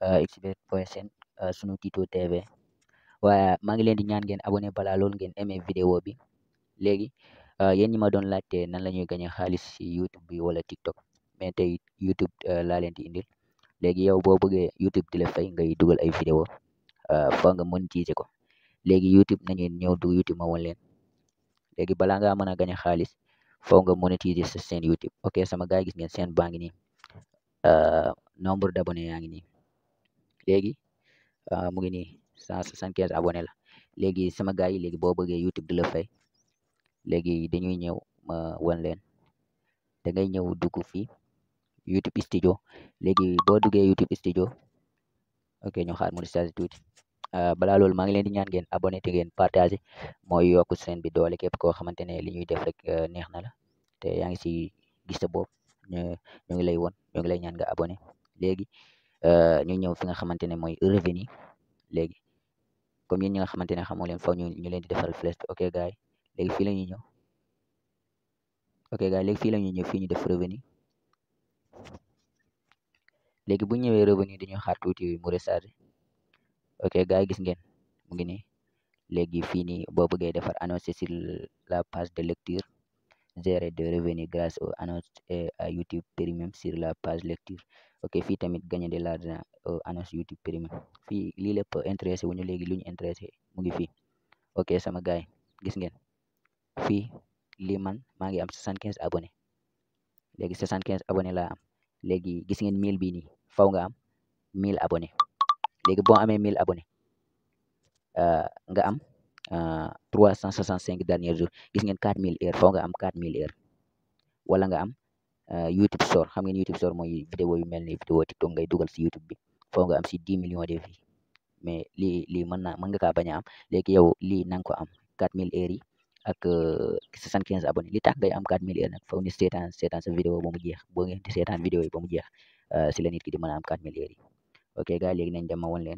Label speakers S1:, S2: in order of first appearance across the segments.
S1: Eh, Exbet point seen eh, sunu Tito TV waaye maa ngi leen di ñaan ngeen abonné balaa loolu ngeen aimé vidéo bi léegi eh, yéen ñi ma doon laajte nan la ñuy gañe xaalis si YouTube bi wala TikTok mais tey YouTube laa leen di indil léegi yow boo bëggee YouTube di la fay nga dugal ay vidéo foo nga monétiser ko léegi YouTube nañu ñëw dugg YouTube ma woon leen léegi balaa ngaa mën a gañe xaalis foo nga monétiser sa seen YouTube ok sama gaay gis ngeen seen baa ngi nii nombre d'abonnés yaa ngi nii léegi ah, mu ngi nii cent soixante quinze abonné la léegi sama gars yi léegi boo bëggee YouTube di la fay léegi dañuy ñëw ma wan leen da ngay ñëw dugg fii YouTube studio léegi boo duggee YouTube studio ok ñu xaar mu di chargé tuuti ah, balaa loolu maa ngi leen di ñaan ngeen abone te ngeen partagé mooy yokku seen bi doole képp koo xamante ne li ñuy def rek ah, neex na la te yaa ngi si gis sa bopp ngi lay won ñu ngi lay ñaan nga abonné léegi Euh, ñu ñëw fi nga xamante ne mooy revenu léegi comme yéen ñi nga xamante ne xamoo leen faw ñu ñu leen di defal flèche bi ok léegi fii la ñuy ñëw ok gars léegi fii la ñuy ñëw fii ñu def revenu léegi bu ñëwee revenu dañuy xaar tuuti mu recharger ok gars yi gis ngeen mu ngi nii léegi fii nii boo bëggee defar annoncé sur la page de lecture gérer des revenus grâce aux annonces à YouTube Premium sur la page lecture ok fii tamit gagner de l'argent aux euh, annonces YouTube Premium fii lii lépp intéressé wu ñu léegi lu ñu intéressé mu ngi fii ok sama gaay gis ngeen fii lii man maa ngi am soixante quinze abonnés léegi soixante quinze abonnés laa am léegi gis ngeen mille bii nii faw nga am mille abonnés léegi boo amee mille abonnés euh, nga am Ah, trois cent soixante cinq derniers jours gis ngeen quatre mille heures foo nga am quatre mille heures wala nga am ah, YouTube Store xam ngeen YouTube Store mooy vidéo yu mel ni vidéo TikTok ngay dugal si YouTube bi foo nga am si dix de vues mais lii lii mën naa mën nga kaa bañ a am léegi yow lii na nga ko am quatre mille heures yi ak ah, soixante quinze abonnés li tax ngay am quatre mille heures nag faw ni seetaan seetaan sa vidéo ba mu jeex boo ngeen di seetaan vidéo ba mu jeex si la nit ki di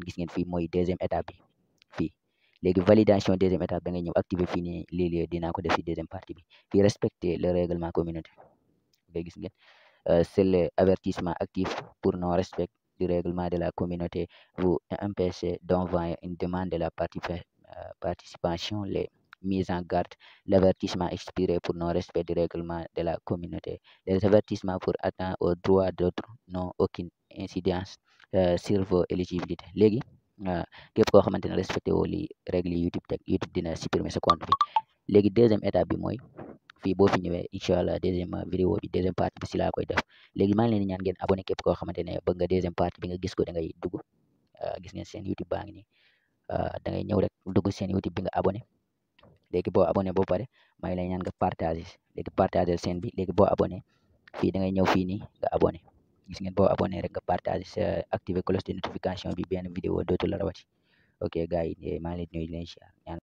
S1: gis ngeen fii mooy deuxième étape bi léegi validation deuxième étape da ngay ñëw activer fii nii lii lii ko def ci deuxième partie bi fii respecter le règlement communautaire gis ngeen euh, c'est le avertissement actif pour non respect du règlement de la communauté vous empêchez d'envoyer une demande de la euh, participation les mises en garde l'avertissement expiré pour no respect du règlement de la communauté les avertissements pour atteindre aux droits d'autrui n'ont aucune incidence euh, sur vos éligibilités léegi képp koo xamante ne respecté woo li règle YouTube teg YouTube dina supprimer sa compte bi léegi deuxième étape bi mooy fii boo fi ñëwee incha allah deuxième vidéo bi deuxième partie bi si laa koy def léegi maa ngi leen di ñaan ngeen abonné képp koo xamante ne bëgg nga deuxième partie bi nga gis ko da ngay dugg ah, gis ngeen seen YouTube baa ngi nii ah, da ñëw rek dugg seen YouTube bi nga abonné léegi boo abonné bo pare maa ngi lay ñaan nga partagé léegi partagé seen bi léegi boo abonné fii da ngay ñëw fii nii nga abonné gis ngeen boo abonné rek nga partage sa activer cloche bi benn vidéo dootu la rawati ok gars yi eh, maa di nuyu